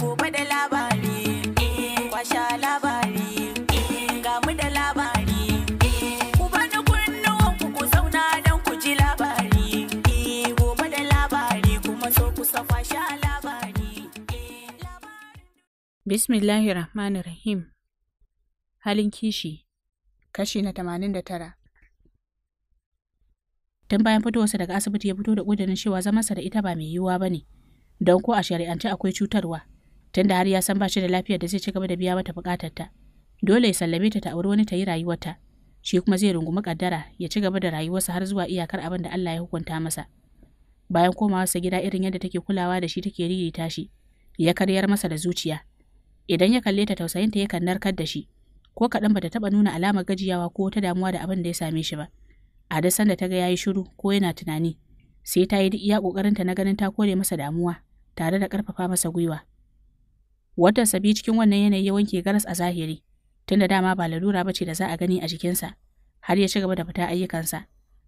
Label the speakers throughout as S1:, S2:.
S1: gobe da labari eh, kwasha labari eh, ga mu da labari eh, ku bani kunnuwan ku ku zauna don ku ji labari gobe da labari kuma so ku sa kwasha labari bismillahir rahmanir rahim halin kishi kashi na tamanin da tara. Tun bayan fitowarsa daga asibiti ya fito da ƙudurin cewa zamansa da ita ba mai yiwuwa ba ne, don ko a shari'ance akwai cutarwa, Tun da har ya san ba shi da lafiyar da zai ci gaba da biya mata bukatarta. Dole ya sallame ta ta auri wani ta yi rayuwarta. Shi kuma zai rungumi kaddara ya ci gaba da rayuwarsa har zuwa iyakar abin da Allah ya hukunta masa. Bayan komawarsa gida irin yadda take kulawa da shi take ririta shi, ya karyar masa da zuciya. Idan ya kalle ta tausayinta yakan narkar da shi, ko kaɗan bata taɓa nuna alamar gajiyawa ko wata damuwa da abin da ya same shi ba. A san da ta ga yayi shiru ko yana tunani, sai ta yi duk iya ƙoƙarinta na ganin ta kore masa damuwa tare da ƙarfafa masa gwiwa. Watan sabi cikin wannan yanayi ya wanke garas a zahiri, tunda dama ba lalura bace da za a gani a jikinsa, har ya ci gaba da fita ayyukansa.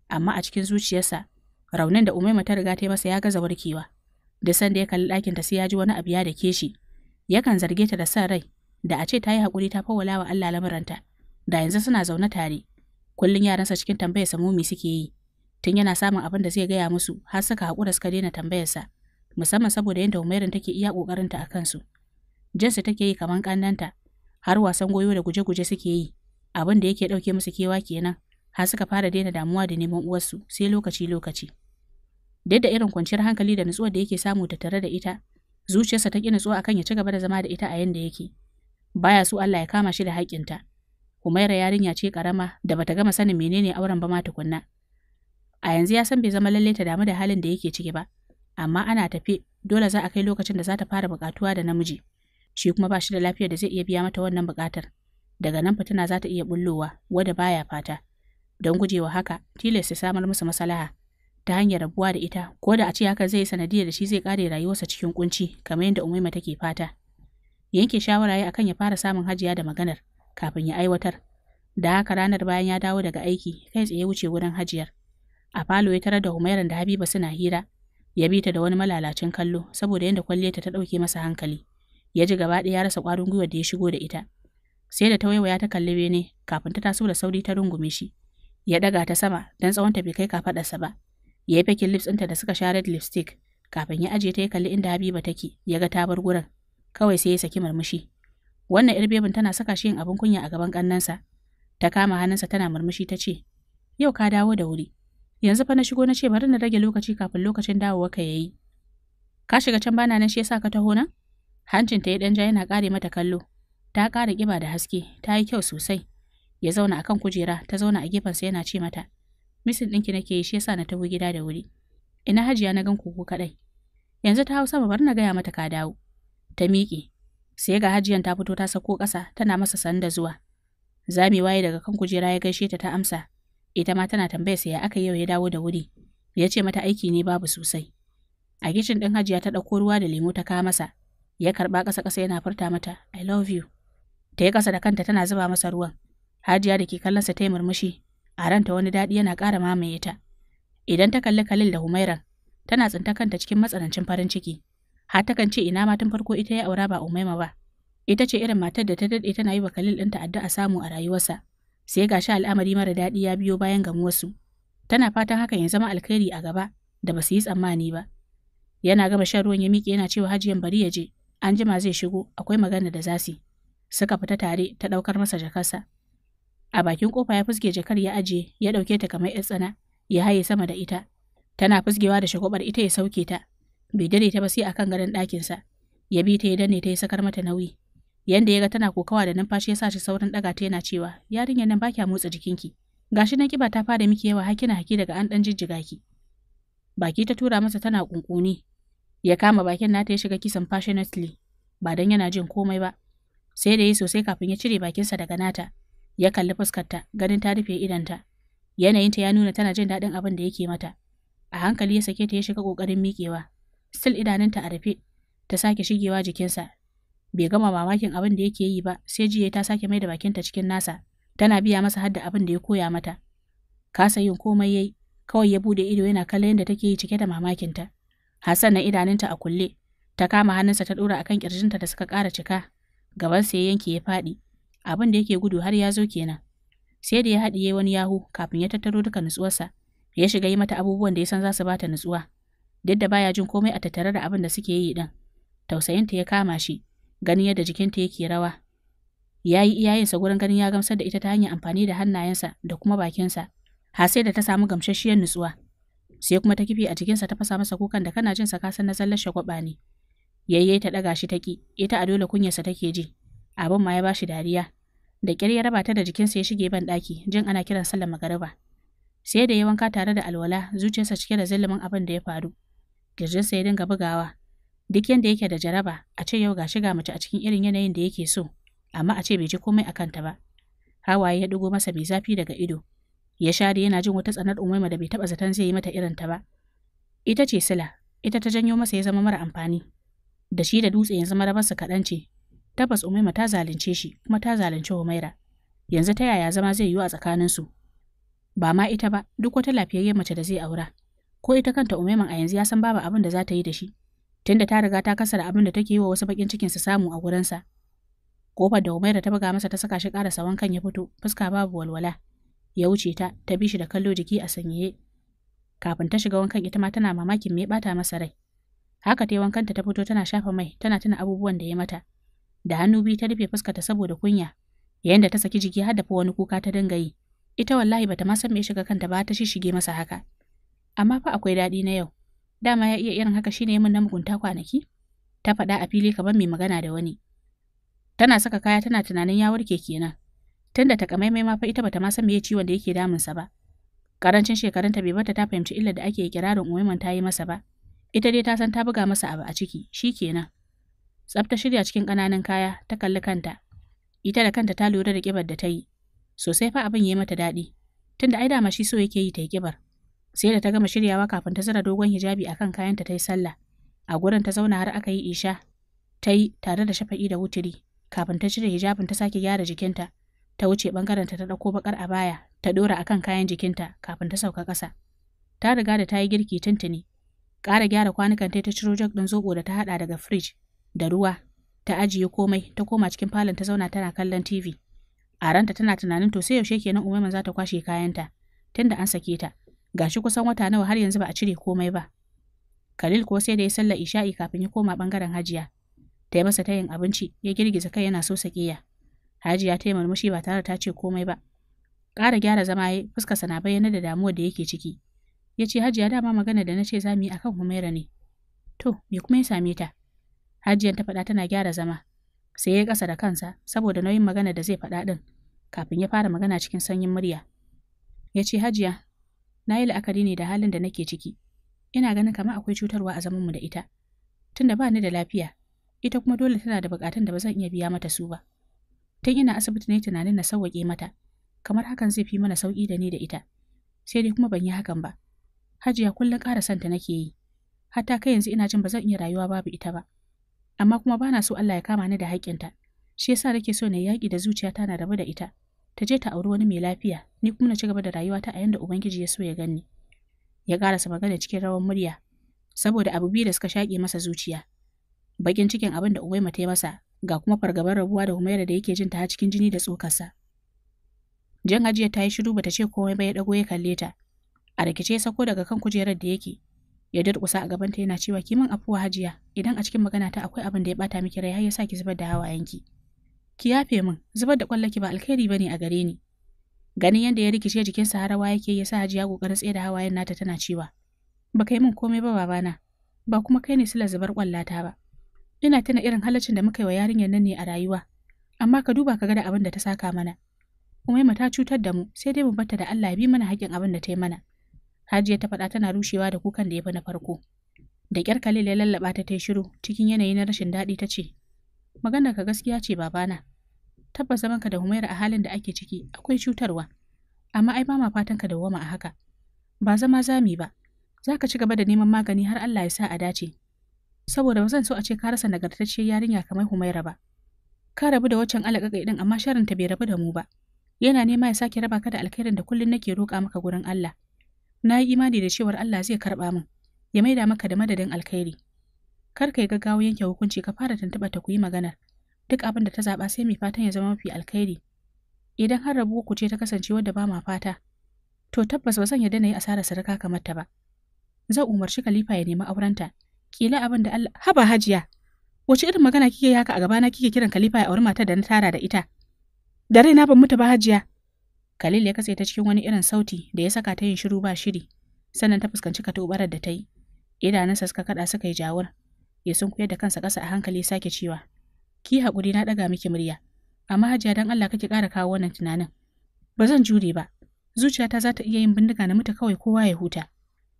S1: Amma a cikin zuciyarsa, raunin da Umaima ta riga ta yi masa ya gaza warkewa. Da sanda ya kalli ɗakin ta sai ya ji wani abu ya da ke shi. Yakan zarge ta da san rai, da a ce ta yi haƙuri ta fawwala wa Allah lamuranta, da yanzu suna zaune tare. Kullum yaransa cikin tambayar sa mumi suke yi. Tun yana samun abin da zai gaya musu har suka haƙura suka daina tambayarsa, musamman saboda yadda Umairin take iya ƙoƙarinta a kansu. jinsu take yi kaman kannanta har wasan goyo da guje-guje suke yi, abin da yake dauke musu kewa kenan, har suka fara daina damuwa da neman uwarsu sai lokaci-lokaci. Duk da irin kwanciyar hankali da nutsuwar da yake samu ta tare da ita, zuciyarsa ta ki nutsuwa akan ya ci gaba da zama da ita a yanda yake. Baya so Allah ya kama shi da haƙƙinta. Humaira yarinya ce karama da bata gama sanin menene auren ba ma tukunna. A yanzu ya san bai zama lalle ta damu da halin da yake ciki ba, amma ana tafe dole za a kai lokacin da za ta fara bukatuwa da namiji. shi kuma ba shi da lafiyar da zai iya biya mata wannan buƙatar. Daga nan fitina za ta iya bullowa wadda baya fata. Don gujewa haka, tilas ya samar masa masalaha ta hanyar rabuwa da ita, ko da a ce haka zai sanadiyar da shi zai kare rayuwarsa cikin kunci kamar yadda Umaima take fata. Yanke shawara ya akan ya fara samun hajiya da maganar kafin ya aiwatar. Da haka ranar bayan ya dawo daga aiki, kai tsaye wuce wurin hajiyar. A falo ya tarar da Humairan da Habiba suna hira, ya bi ta da wani malalacin kallo saboda yadda kwalliyarta ta ɗauke masa hankali. ya ji gaba ɗaya ya rasa ƙwarin gwiwar da ya shigo da ita. Sai da ta waiwaya ta kalli bene kafin ta taso da sauri ta rungume shi. Ya ɗaga ta sama don tsawonta bai kai kafaɗarsa ba. Ya yi fakin lips ɗinta da suka sha red lipstick kafin ya ajiye ta ya kalli inda Habiba take ya ga ta bar gurin. Kawai sai ya saki murmushi. Wannan ‘yar bebin tana saka shi yin abin kunya a gaban ƙannansa. Ta kama hannunsa tana murmushi ta ce, Yau ka dawo da wuri. Yanzu fa na shigo na ce bari na rage lokaci kafin lokacin dawowa ka yayi. Ka shiga can bana nan shi yasa ka taho nan? Hancin ta ya ɗan ja yana kare mata kallo. Ta ƙara ƙiba da haske, ta yi kyau sosai. Ya zauna akan kujera, ta zauna a gefensa yana ce mata, Misin ɗinki nake yi shi yasa na tafi gida da wuri. Ina hajiya na gan kuku kaɗai. Yanzu ta hau sama bari na gaya mata ka dawo. Ta miƙe. Sai ga hajiyan ta fito ta sako ƙasa tana masa sanda zuwa. Zami waye daga kan kujera ya gaishe ta ta amsa. Ita ma tana tambaya sai ya aka yau ya dawo da wuri. Ya ce mata aiki ne babu sosai. A gishin ɗin hajiya ta ɗauko ruwa da lemo ta kawo masa. ya karba ƙasa-ƙasa yana furta mata I love you. Ta yi ƙasa da kanta tana zuba masa ruwan. Hajiya da ke kallon sa ta yi murmushi, a ranta wani daɗi yana ƙara mamaye ta. Idan ta kalli Khalil da Humairan, tana tsinta kanta cikin matsanancin farin ciki. Har takan ce ina matan farko ita ya aura ba Umaima ba. Ita ce irin matar da ta daɗe tana yi wa Khalil ɗinta addu'a samu a rayuwarsa. Sai ga shi al'amari mara daɗi ya biyo bayan gamuwarsu. Tana fatan hakan ya zama alkhairi a gaba da ba su yi tsammani ba. Yana gama shan ruwan ya miƙe yana cewa hajiyan bari ya je. an jima zai shigo akwai magana da zasi suka fita tare ta ɗaukar masa jakarsa a bakin kofa ya fuske jakar ya aje ya ɗauke ta kamar yar tsana ya haye sama da ita tana fusgewa da shagobar ita ya sauke ta bai dare ta ba sai akan gadon ɗakinsa ya bi ta ya danne ta ya sakar mata nauyi yanda ya ga tana kokawa da numfashi ya sa shi saurin ɗaga ta yana cewa yarinyar nan ba kya motsa jikinki gashi na kiba ta fara miki yawa hakina haki daga an ɗan jijjiga ki baki ta tura masa tana kunkuni ya kama bakin nata ya shiga kisan passionately ba don yana jin komai ba. Sai da yi sosai kafin ya cire bakinsa daga nata, ya kalli fuskarta ganin ta rufe idanta. Yanayinta ya nuna tana jin daɗin abin da yake mata. A hankali ya sake ta ya shiga ƙoƙarin miƙewa. Sil idanunta a rufe, ta sake shigewa jikinsa. Bai gama mamakin abin da yake yi ba, sai jiya ta sake mai da bakinta cikin nasa, tana biya masa hadda abin da ya koya mata. Kasa yin komai yayi, kawai ya bude ido yana kallon yadda take yi cike da mamakinta. Hassan na idanunta a kulle, Ta kama hannunsa ta ɗora akan ƙirjinta da suka ƙara cika. Gaban ya yanke ya faɗi. Abin da yake gudu har ya zo kenan. Sai da ya haɗiye wani yahu kafin ya tattaro duka nutsuwarsa. Ya shiga yi mata abubuwan da ya san za su bata nutsuwa. Duk da baya jin komai a tattare da abin da suke yi ɗin. Tausayinta ya kama shi, ganin yadda jikinta yake rawa. Ya yi iyayensa gurin ganin ya gamsar da ita ta hanyar amfani da hannayensa da kuma bakinsa. Har sai da ta samu gamsasshiyar nutsuwa. Sai kuma ta kifi a jikinsa ta fasa masa kukan da kana jin kasan na zallar shagwaba ne. yayye ta ɗaga shi ta ƙi. ita a dole kunyarsa ta ke ji abin ma ya ba shi dariya da ƙyar ya raba ta da jikinsa ya shige ban ɗaki jin ana kiran sallar magariba sai da ya wanka tare da alwala zuciyarsa cike da zillumin abin da ya faru kirjinsa ya dinga bugawa duk yanda yake da jaraba a ce yau gashi ga mace a cikin irin yanayin da yake so amma a ce bai ji komai a kanta ba hawaye ya ɗigo masa bai zafi daga ido ya share yana jin wata tsanar umaima da bai taɓa zaton zai yi mata irin ta ba ita ce sila ita ta janyo masa ya zama mara amfani da shi da dutse yanzu marabarsa kaɗan ce tabbas umaima ta zalunce shi kuma ta zalunci humaira yanzu ta yaya zama zai yiwu a tsakaninsu ba ma ita ba duk wata lafiyayyen mace da zai aura ko ita kanta umaiman a yanzu ya san babu abin da za ta yi da shi tunda ta riga ta kasara abin da take yi wa wasu bakin cikin su samu a gurinsa kofar da umaira ta buga masa ta saka shi karasa wankan ya fito fuska babu walwala ya wuce ta ta bi shi da kallo jiki a sanyaye kafin ta shiga wankan ita ma tana mamakin me ɓata bata masa rai Haka ta wankanta ta fito tana shafa mai tana tuna abubuwan da ya mata. Da hannu biyu ta rufe ta saboda kunya, yayin da ta saki jiki har da wani kuka ta dinga yi. Ita wallahi bata ma san me shiga kanta ba ta shishige masa haka. Amma fa akwai daɗi na yau. Dama ya iya irin haka shine min na mugunta kwanaki? Ta faɗa a fili kamar mai magana da wani. Tana saka kaya tana tunanin ya warke kenan. Tunda takamaimai ma fa ita bata ma san me ciwon da yake damunsa ba. Karancin shekarunta bai bata ta fahimci illar da ake kirarin umaiman ta yi masa ba. Ita dai ta san ta buga masa abu a ciki, shi kenan. Tsafta shirya cikin ƙananan kaya, ta kalli kanta. Ita da kanta ta lura da ƙibar da ta yi. Sosai fa abin ya mata daɗi, tunda ai dama shi so yake yi ta yi ƙibar. Sai da ta gama shiryawa kafin ta zara dogon hijabi akan kayanta ta yi sallah. A gurin ta zauna har aka yi isha, ta yi tare da shafa'i da wuturi, kafin ta cire hijabin ta sake gyara jikinta. ta wuce bangaren ta ɗauko baƙar a baya ta ɗora akan kayan jikinta kafin ta sauka ƙasa. Ta riga da ta yi girki tuntuni, Ƙara gyara kwanukan ta ciro jog ɗin zobo da ta haɗa daga firij da ruwa. Ta ajiye komai, ta koma cikin falon ta zauna tana kallon TV. A ranta tana tunanin to sai yaushe kenan Umaiman za ta kwashe kayanta, tunda an sake ta. Gashi kusan wata nawa har yanzu ba a cire komai ba. Khalil ko sai da ya sallar isha'i kafin ya koma bangaren Hajiya. Ta yi masa tayin abinci, ya girgiza kai yana so sakiya. Hajiya ta yi murmushi ba tare ta ce komai ba. Ƙara gyara zama ya fuskarsa na bayyana da damuwar da yake ciki. ya ce hajiya dama magana da na ce zamu yi akan humaira ne to me kuma ya same ta hajiyan ta faɗa tana gyara zama sai ya ƙasa da kansa saboda nauyin magana da zai faɗa ɗin kafin ya fara magana cikin sanyin murya ya ce hajiya na yi la'akari ne da halin da nake ciki ina ganin kamar akwai cutarwa a zamanmu da ita tunda ba ni da lafiya ita kuma dole tana da buƙatun da ba zan iya biya mata su ba tun ina asibiti na yi tunanin na sauwaƙe mata kamar hakan zai fi mana sauƙi da ni da ita sai dai kuma ban yi hakan ba Hajiya kullum ƙara son santa nake yi. Hatta kai yanzu ina jin ba zan iya rayuwa babu ita ba. Amma kuma bana so Allah ya kama ni da haƙƙinta. Shi yasa nake so na yaƙi da zuciyata na rabu da ita. Ta je ta auri wani mai lafiya, ni kuma na ci gaba da rayuwata a yanda Ubangiji ya so ya gani. Ya ƙarasa magana cikin rawan murya, saboda abu biyu da suka shaƙe masa zuciya. Bakin cikin abin da Uwaima ta yi masa, ga kuma fargabar rabuwa da Humaira da yake jin ta cikin jini da tsokarsa. Jan Hajiya ta yi shiru bata ce komai ba ya dago ya kalle ta. A rikice sako daga kan kujerar da yake, ya durƙusa a gabanta yana cewa "Ki kiman afuwa hajiya idan a cikin magana ta akwai abin da ya bata miki rai har ya sa ki zubar da hawayenki. Ki yafe min, zubar da kwallaki ba alkhairi bane a gare ni. Ganin yadda ya rikice jikin sa harawa yake ya sa hajiya kokarin tsaye da hawayen nata tana cewa ba kai min komai ba babana, ba kuma kai ne sila zubar kwallata ba. Ina tuna irin halaccin da muka yi wa yarinyar nan ne a rayuwa, amma ka duba ka ga da abin da ta saka mana. Umaima ta cutar da mu, sai dai mu bata da Allah ya bi mana haƙƙin abin da ta yi mana. Hajiya ta faɗa tana rushewa da kukan da ya fi na farko. Da ƙyar Khalil ya lallaɓa ta ta shiru cikin yanayi na rashin daɗi ta ce, Maganar ka gaskiya ce babana. Tabbas zaman ka da Humaira a halin da ake ciki akwai cutarwa. Amma ai ba ma fatan ka da dawwama a haka. Ba zama zami ba. Za ka ci gaba da neman magani har Allah ya sa a dace. Saboda ba zan so a ce ka rasa nagartacciyar yarinya kamar Humaira ba. Ka rabu da waccan alaƙaƙai ɗin amma sharinta bai rabu da mu ba. Yana nema ya sake raba ka da alkhairin da kullum nake roƙa maka gurin Allah. na yi imani da cewar Allah zai karɓa min, ya maida maka da madadin alkhairi. Kar ka yi gaggawa yanke hukunci ka fara tuntuɓa ta ku yi magana. Duk abin da ta zaɓa sai mai fatan ya zama mafi alkhairi. Idan har rabu ku ce ta kasance wadda ba ma fata, to tabbas ba zan yarda na yi asarar sadaka kamar ta ba. Zan umarci Khalifa ya nemi aurenta. Kila abin da Allah haba hajiya. Wace irin magana kike yi haka a gabana kike kiran Khalifa ya auri matar da na tara da ita? Da raina ban mutu ba hajiya. Khalil ya katse ta cikin wani irin sauti da ya saka ta yin shiru ba shiri, sannan ta fuskanci katobarar da ta yi. Idanunsa suka kada suka yi jawur. Ya sunkuyar da kansa ƙasa a hankali sake cewa, Ki haƙuri na ɗaga miki murya, amma hajiya don Allah kake ƙara kawo wannan tunanin. Ba zan jure ba, zuciyata za ta iya yin bindiga na mutu kawai kowa ya huta.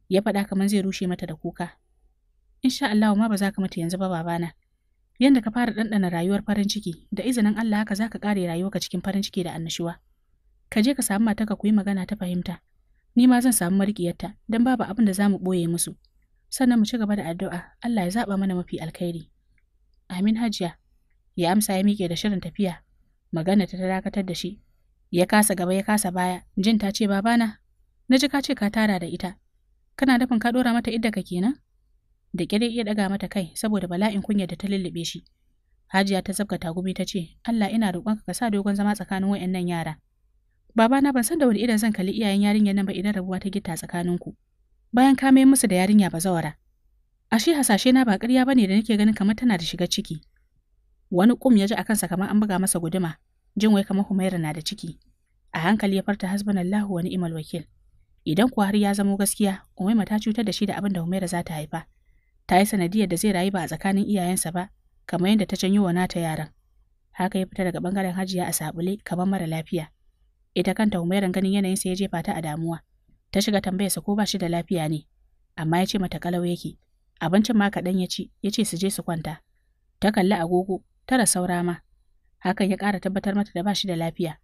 S1: Ya faɗa kamar zai rushe mata da kuka. Insha Allah ma ba za ka mutu yanzu ba babana. Yanda ka fara ɗanɗana rayuwar farin ciki, da izinin Allah haka za ka ƙare rayuwarka cikin farin ciki da annashuwa. ka je ka samu matarka ku yi magana ta fahimta ni ma zan samu marƙiyarta don babu abin da za mu ɓoye musu sannan mu ci gaba da addu'a Allah ya zaɓa mana mafi alkhairi amin hajiya ya amsa ya miƙe da shirin tafiya magana ta dakatar da shi ya kasa gaba ya kasa baya jin ta ce babana na ji ka ce ka tara da ita kana dafin ka ɗora mata idda ka kenan da kire iya ɗaga mata kai saboda bala'in kunya da ta lullube shi hajiya ta zabga tagumi ta ce Allah ina roƙonka ka sa dogon zama tsakanin waɗannan yara Babana ban san da wani idan zan kalli iyayen yarinyar nan ba idan rabuwa ta gita tsakaninku. Bayan ka mai musu da yarinya ba zawara. Ashe hasashe na ba ƙarya bane da nake ganin kamar tana da shiga ciki. Wani kum ya ji a kansa kamar an buga masa guduma, jin wai kamar Humaira na da ciki. A hankali ya farta Allah wani imal wakil. Idan kuwa har ya zamo gaskiya, Umaima ta cutar da shi da abin da Humaira za ta haifa. Ta yi sanadiyar da zai rayu ba a tsakanin iyayensa ba, kamar yadda ta janyo wa nata yaran. Haka ya fita daga bangaren hajiya a sabule kamar mara lafiya. Ita kanta Humairan ganin yanayinsa ya jefa ta a damuwa. Ta shiga tambayarsa ko ba shi da lafiya ne, amma ya ce mata kalau yake. Abincin ma kaɗan ya ci, ya ce su je su kwanta. Ta kalli agogo, tara saura ma. Hakan ya ƙara tabbatar mata da ba shi da lafiya.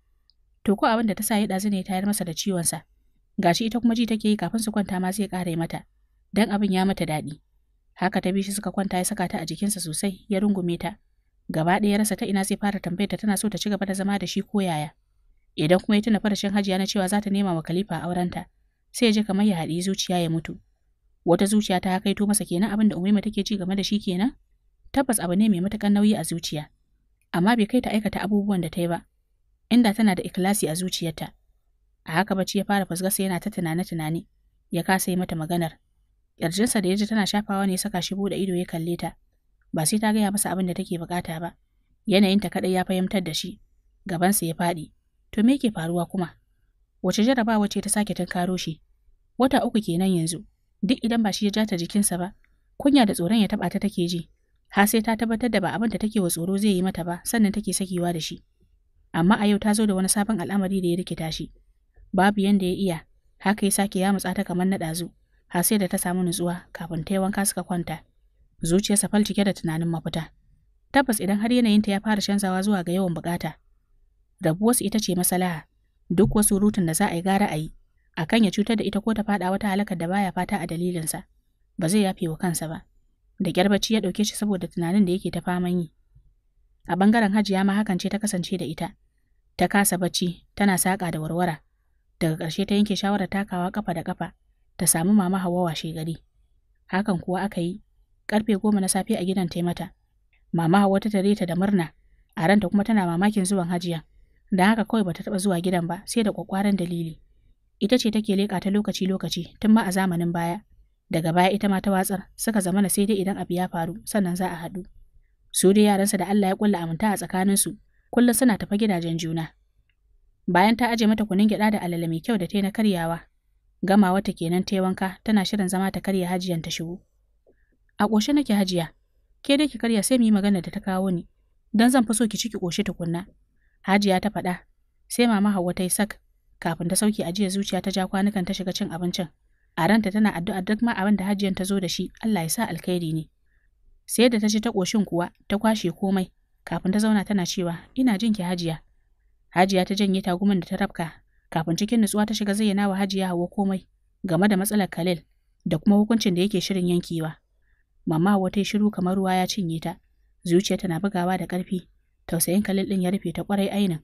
S1: To ko abin da ta sa ya ɗazu ne ya tayar masa da ciwonsa. Gashi ita kuma ji take yi kafin su kwanta ma zai ƙare mata, Dan abin ya mata daɗi. Haka ta bi shi suka kwanta ya saka ta a jikinsa sosai, ya rungume ta. gaba ɗaya ya rasa ta ina zai fara tambayar ta tana so ta ci gaba da zama da shi ko yaya. Idan kuma ya tuna farashin hajiya na cewa za ta nema wa Khalifa aurenta, sai ya ji kamar ya haɗi zuciya ya mutu. Wata zuciya ta kaito masa kenan abin da Umaima take ci game da shi kenan? Tabbas abu ne mai matuƙar nauyi a zuciya, amma bai kai ta aikata abubuwan da ta yi ba, inda tana da ikilasi a zuciyarta. A haka bacci ya fara fasgasa yana ta tunane-tunane, ya kasa yi mata maganar. Yarjinsa da ya ji tana shafawa ne saka shi bude ido ya kalle ta, ba sai ta gaya masa abin da take bukata ba. Yanayinta kaɗai ya fahimtar da shi, gabansa ya faɗi. To me yake faruwa kuma? Wace jarabawa ce ta sake tunkaro shi? Wata uku kenan yanzu. Duk idan ba shi ya jata jikinsa ba, kunya da tsoron ya taɓa ta take ji. Har sai ta tabbatar da ba abin da take wa tsoro zai yi mata ba, sannan take sakewa da shi. Amma a yau ta zo da wani sabon al'amari da ya rikita shi. Babu yanda ya iya, haka ya sake ya mutsa ta kamar na ɗazu, har sai da ta samu nutsuwa kafin ta yi wanka suka kwanta. Zuciyarsa fal cike da tunanin mafita. Tabbas idan har yanayinta ya fara canzawa zuwa ga yawan bukata, rabuwarsu ita ce masalaha duk wasu rutun da za a yi gara a yi kan ya cutar da ita ko ta faɗa wata halakar da baya fata a dalilinsa ba zai yafe wa kansa ba da kyar bacci ya ɗauke shi saboda tunanin da yake ta faman yi a bangaren hajiya ma hakan ce ta kasance da ita ta kasa bacci tana saƙa da warwara daga ƙarshe ta yanke shawarar takawa ƙafa da kafa. ta samu mama hawa washe gari hakan kuwa aka yi ƙarfe goma na safe a gidan taimata mama hawa ta tare ta da murna a ranta kuma tana mamakin zuwan hajiya Da haka kawai bata taɓa zuwa gidan ba sai da kwakwaran dalili. Ita ce take leka ta lokaci-lokaci tun ma a zamanin baya. Daga baya ita ma ta watsar suka na sai dai idan abu ya faru sannan za a haɗu. Su dai yaransa da Allah ya kulla aminta a tsakaninsu kullum suna tafa gidajen juna. Bayan ta aje mata kunun gyaɗa da alala mai kyau da ta na karyawa, gama wata kenan ta wanka tana shirin zama ta karya hajiyan ta shigo. A ƙoshe nake hajiya, ke dai ki karya sai mu yi magana da ta kawo ni, don zan fi so ki ciki ƙoshe tukunna, Hajiya ta faɗa, sai mama Hauwa ta yi sak, kafin ta sauke jiya zuciya ta ja kwanukan ta shiga cin abincin. A ranta tana addu'a duk ma abin da hajiyan ta zo da shi, Allah ya sa alkhairi ne. Sai da ta ci ta ƙoshin kuwa, ta kwashe komai, kafin ta zauna tana cewa, ina jin ki hajiya. Hajiya ta janye tagumin da ta rabka, kafin cikin nutsuwa ta shiga zayyana wa hajiya Hauwa komai game da matsalar Khalil da kuma hukuncin da yake shirin yankewa. Mama Hauwa ta yi shiru kamar ruwa ya cinye ta, Zuciya tana bugawa da ƙarfi, Tausayin kalil ɗin ya rufe ta kwarai ainin.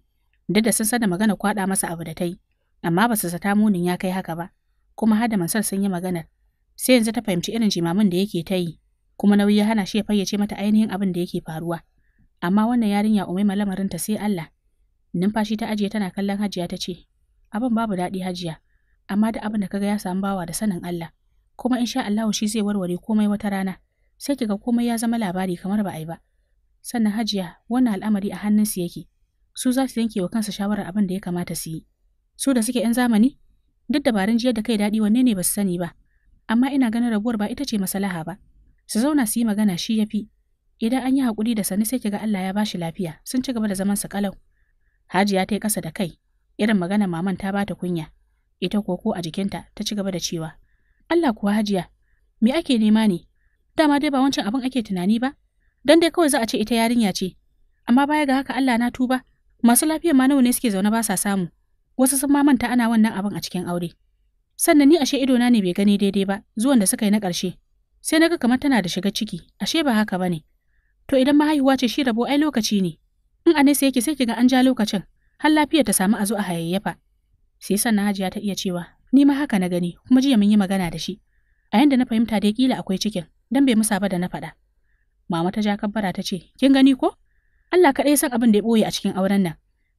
S1: Duk da sun sada magana kwaɗa masa abu da ta yi, amma ba su sata munin ya kai haka ba, kuma hada da Mansar sun yi maganar. Sai yanzu ta fahimci irin jimamin da yake ta yi, kuma nauyi ya hana shi ya fayyace mata ainihin abin da yake faruwa. Amma wannan yarinya umai lamarinta sai Allah. Numfashi ta ajiye tana kallon Hajiya ta ce, Abin babu daɗi Hajiya, amma da abin da kaga ya samu bawa da sanin Allah, kuma insha Allahu shi zai warware komai wata rana, sai kiga komai ya zama labari kamar ba a yi ba. sannan hajiya wannan al'amari a hannunsu yake su za su yanke wa kansu shawarar abin da ya kamata su yi su da suke 'yan zamani duk dabarun jiyar da kai daɗi wanne ne ba su sani ba amma ina ganin rabuwar ba ita ce masalaha ba su zauna su yi magana shi ya fi idan an yi hakuri da sani sai kiga Allah ya ba shi lafiya sun ci gaba da zaman su kalau hajiya ta yi kasa da kai irin magana maman ta bata kunya ita ko ko a jikinta ta ci gaba da cewa Allah kuwa hajiya me ake nema ne dama dai ba wancan abin ake tunani ba don dai kawai za a ce ita yarinya ce amma baya ga haka Allah na tuba masu lafiyar ma nawa ne suke zaune ba sa samu wasu sun ma manta ana wannan abin a cikin aure sannan ni ashe ido na ne bai gani daidai ba zuwan da suka yi na ƙarshe sai naga kamar tana da shiga ciki ashe ba haka bane to idan mahaihuwa ce shi rabo ai lokaci ne in a nesa yake sai kiga an ja lokacin har lafiyar ta samu a zo a hayayyafa sai sannan hajiya ta iya cewa ni ma haka na gani kuma jiya mun yi magana da shi a yanda na fahimta dai kila akwai cikin dan bai musa ba da na faɗa Mama ta ja kabbara ta ce, Kin gani ko? Allah kaɗai san abin da ya ɓoye a cikin auren nan.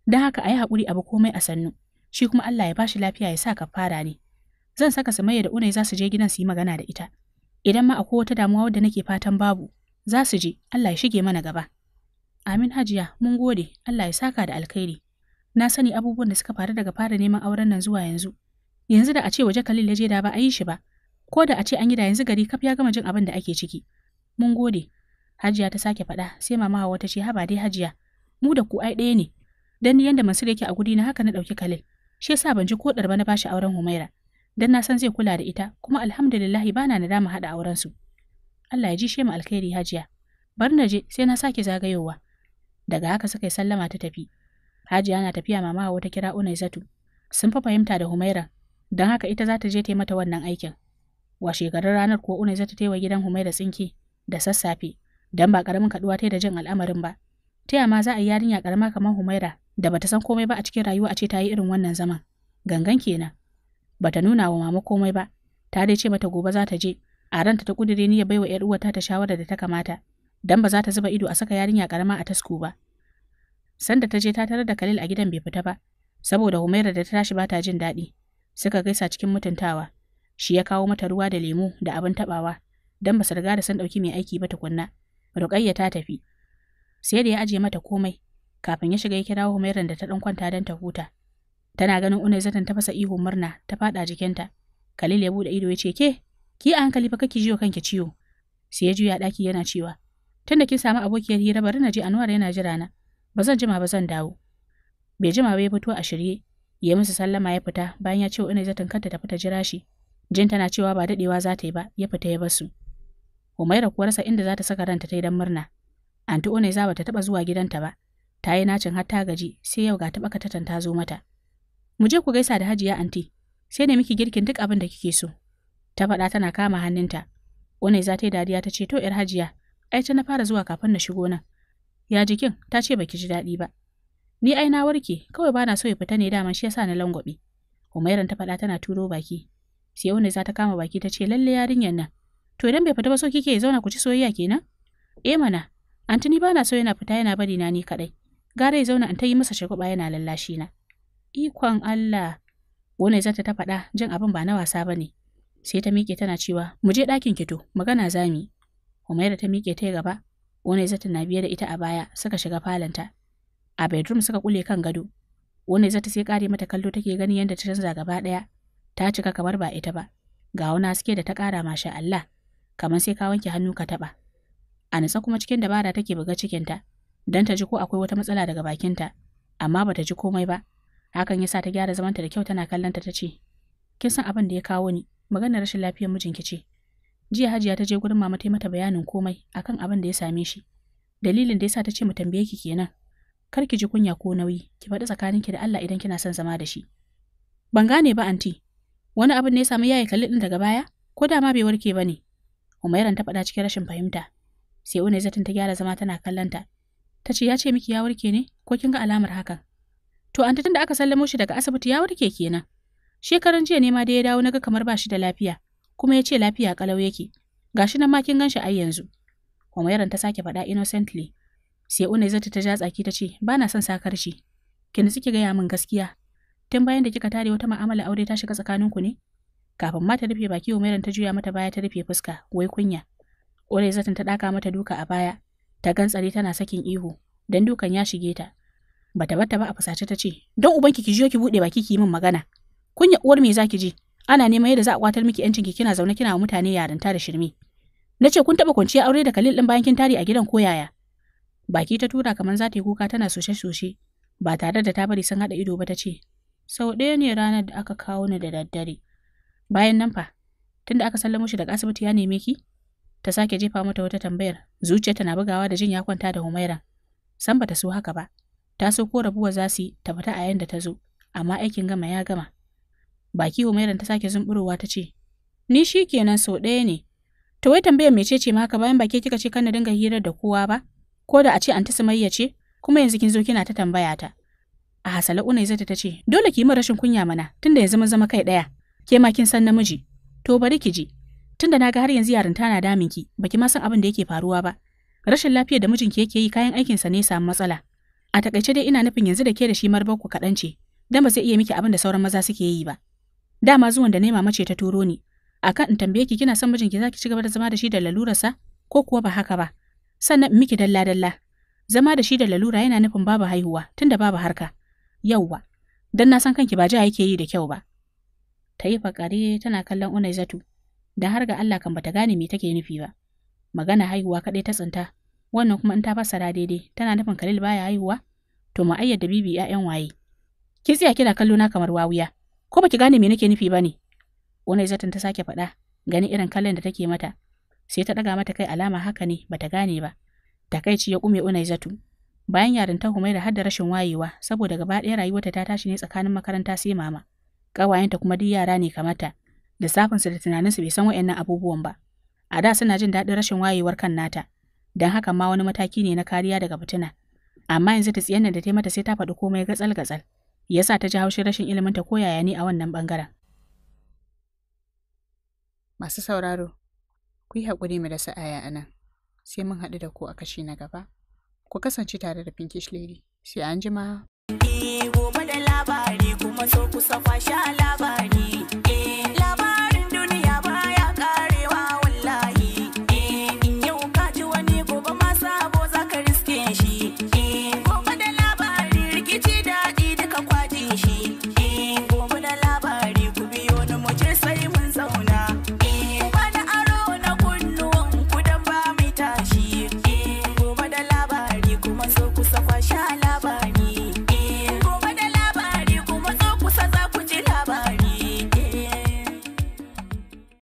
S1: Don haka a yi haƙuri abu komai a sannu. Shi kuma Allah ya ba shi lafiya ya sa ka fara ne. Zan saka Sumayya da Unai za su je gidan su yi magana da ita. Idan ma akwai wata damuwa wadda nake fatan babu, za su je Allah ya shige mana gaba. Amin Hajiya, mun gode, Allah ya saka da alkhairi. Na sani abubuwan da suka faru daga fara neman auren nan zuwa yanzu. Yanzu da a ce waje Khalil ya je da ba a yi shi ba, ko da a ce an yi da yanzu gari kaf ya gama jin abin da ake ciki. Mun gode, Hajiya ta sake faɗa sai mama hawa ta ce haba dai Hajiya mu da ku ai ɗaya ne dan ni yanda Mansur yake a guri na haka na ɗauki Khalil shi yasa ban ji ko ɗarba na bashi auren Humaira dan na san zai kula da ita kuma alhamdulillah bana nadama haɗa auren su Allah ya ji mu alkhairi Hajiya bar na je sai na sake zagayowa daga haka suka yi sallama ta tafi Hajiya na tafiya mama hawa ta kira Unaizatu sun fa fahimta da Humaira don haka ita za ta je ta yi mata wannan aikin. Washe garin ranar ko Unai zatu ta wa gidan Humaira tsinke da sassafe Dan ba karamin kaɗuwa ta da jin al'amarin ba. Ta yama za a yi yarinya karama kamar Humaira da bata san komai ba a cikin rayuwa a ce ta yi irin wannan zaman. Gangan kenan. Bata nuna wa mama komai ba. Ta dai ce mata gobe za ta je. A ranta ta ƙudire ni ya baiwa 'yar uwarta ta shawara da ta kamata. Dan ba za ta zuba ido a saka yarinya karama a tasko ba. Sanda ta je ta tarar da Khalil a gidan bai fita ba. Saboda Humaira da ta tashi ba ta jin daɗi. Suka gaisa cikin mutuntawa. Shi ya kawo mata ruwa da lemu da abin taɓawa. Dan ba su riga da san ɗauki mai aiki ba tukunna. Rukayya ta tafi. Sai da ya aje mata komai kafin ya shiga ya kira Humairan da ta dan kwanta don ta huta. Tana ganin Unaizatan ta fasa ihu murna ta fada jikinta. Khalil ya bude ido ya ce ke ki a hankali fa kake jiyo kanki ciwo. Sai ya juya daki yana cewa tunda kin samu abokiyar hira bari na je Anwar yana jira na. Ba zan jima ba zan dawo. Bai jima ba ya fito a shirye ya musu sallama ya fita bayan ya ce wa Unaizatan kanta ta fita jira shi. Jin tana cewa ba dadewa za ta yi ba ya fita ya basu. Humaira kuwa rasa inda za ta saka ranta ta yi don murna. Anti One za ta taɓa zuwa gidanta ba, ta yi nacin har ta gaji sai yau ga taba katatan ta zo mata. Mu je ku gaisa da hajiya anti, sai ne miki girkin duk abin da kike so. Ta faɗa tana kama hannunta. za ta yi dariya ta ce to ‘yar hajiya, ai ta na fara zuwa kafin na shigo nan. Ya jikin ta ce baki ji daɗi ba. Ni ai na warke, kawai bana so ya fita ne daman shi yasa na langwabe. Umairan ta faɗa tana turo baki. Sai za ta kama baki ta ce lalle yarinyar nan To idan bai fita ba so kike ya zauna ku ci soyayya kenan? Eh mana, Antini bana so yana fita yana bari na ni kaɗai. Gara ya zauna an ta yi masa shagwaba yana lallashi na. Ikon Allah. Gona zata ta faɗa jin abin ba na wasa ba ne. Sai ta miƙe tana cewa mu je ɗakin ki magana za mu Umaira ta miƙe ta gaba. Gona zata na biye da ita a baya suka shiga falanta. A bedroom suka kule kan gado. Gona zata sai kare mata kallo take gani yadda ta canza gaba ɗaya. Ta cika kamar ba ita ba. Ga wani haske da ta ƙara masha Allah. kamar sai ka wanke hannu ka taɓa. A nutsa kuma cikin dabara take buga cikinta, don ta ji ko akwai wata matsala daga bakinta, amma bata ji komai ba. Hakan ya sa ta gyara zamanta da kyau tana kallonta ta ce, Kin san abin da ya kawo ni, maganar rashin lafiyar mijinki ce. Jiya Hajiya ta je gurin mama ta mata bayanin komai akan abin da ya same shi. Dalilin da ya sa ta ce mu tambaye ki kenan. Kar ki ji kunya ko nauyi, ki faɗi tsakaninki da Allah idan kina son zama da shi. Ban gane ba anti, wani abin ne ya samu yaye kalli ɗin daga baya, ko da ma bai warke ba ne. Umairan ta faɗa cikin rashin fahimta. Sai Unaizatin ta gyara zama tana kallon Ta ce ya ce miki ya warke ne ko kin ga alamar hakan? To an da aka sallamo shi daga asibiti ya warke kenan. Shekaran jiya ne ma da ya dawo naga kamar ba shi da lafiya, kuma ya ce lafiya kalau yake. Gashi nan ma kin gan shi ai yanzu. Umairan ta sake faɗa innocently. Sai Unaizatu ta ja tsaki ta ce, "Ba na son sakar shi. Kin nutsi ki gaya min gaskiya. Tun bayan da kika tare wata ma'amala aure ta shiga tsakaninku ne?" kafin ma ta rufe baki umairan ta juya mata baya ta rufe fuska wai kunya ƙure zatin ta daka mata duka a baya ta gantsare tana sakin ihu dan dukan ya shige ta bata bata ba a fusace ta ce don ubanki ki jiyo ki buɗe baki ki min magana kunya uwar me zaki ji ana neman yadda za a kwatar miki yancin ki kina zaune kina wa mutane yarinta da shirme nace ce kun taɓa kwanciya aure da Khalil ɗin bayan kin tare a gidan koyaya. baki ta tura kamar za ta yi kuka tana soshe-soshe ba tare da ta bari sun hada ido ba ta ce sau ɗaya ne ranar da aka kawo ni da daddare Bayan nan fa, tunda aka sallamo shi daga asibiti ya neme ki? Ta sake jefa mata wata tambayar, zuciyarta na bugawa da jin ya kwanta da Humaira. San bata so haka ba, ta so ko rabuwa za su yi ta fita a yanda ta zo, amma aikin gama ya gama. Baki humaira ta sake zumburowa ta ce, Ni shi kenan sau ɗaya ne. To wai tambayar mece ce ma haka bayan baki kika ce kana dinga hirar da kowa ba? Ko da a ce anti Sumayya ce, kuma yanzu kin zo kina ta tambaya ta. A hasala zata ta ce, dole ki yi rashin kunya mana, tunda yanzu mun zama kai ɗaya. Ke ma kin san namiji. To bari ki ji. Tunda na ga har yanzu yarinta na damin ki, baki ma san abin da yake faruwa ba. Rashin lafiyar da mijinki yake yi kayan aikin sa ne samu matsala. A takaice dai ina nufin yanzu da ke da shi marbar ku kaɗan ce, dan ba zai iya miki abin da sauran maza suke yi ba. Dama zuwan da nema mace ta turo ni. Akan in tambaye ki kina san mijinki zaki ci gaba da zama da shi da lalurarsa ko kuwa ba haka ba. Sannan in miki dalla dalla. Zama da shi da lalura yana nufin babu haihuwa tunda babu harka. Yauwa. Dan na san kanki ba jiya yake yi da kyau ba. ta yi fakare tana kallon Unaizatu, da har ga Allah kan bata gane me take nufi ba. Magana haihuwa kaɗai ta tsinta, wannan kuma in ta fassara daidai tana nufin kalil baya haihuwa, to mu da bibi ‘ya'yan waye. Ki tsaya kina kallo na kamar wawuya? ko baki gane me nake nufi ba ne? Unaizatin ta sake faɗa, gani irin kallon da take mata, sai ta daga mata kai alama haka ne bata gane ba. Takaici ya kume Unaizatu, bayan yarinta Humaira har da rashin wayewa saboda gaba ɗaya rayuwarta ta tashi ne tsakanin makaranta sai mama. ƙawayenta kuma duk yara ne kamata lissafinsu da tunaninsu bai san wayannan abubuwan ba a da suna jin daɗin rashin wayewar kan nata don haka ma wani mataki ne na kariya daga fitina amma yanzu ta tsiyan da ta mata sai ta faɗi komai gatsal gatsal yasa ta ji haushin rashin ilimin ta ko yaya ne a wannan bangaren masu sauraro ku yi haƙuri mu da sa'aya a nan sai mun haɗu da ku a kashi na gaba ku kasance tare da pinkish lady sai an jima eh, labari kuma so kusa kwasha labari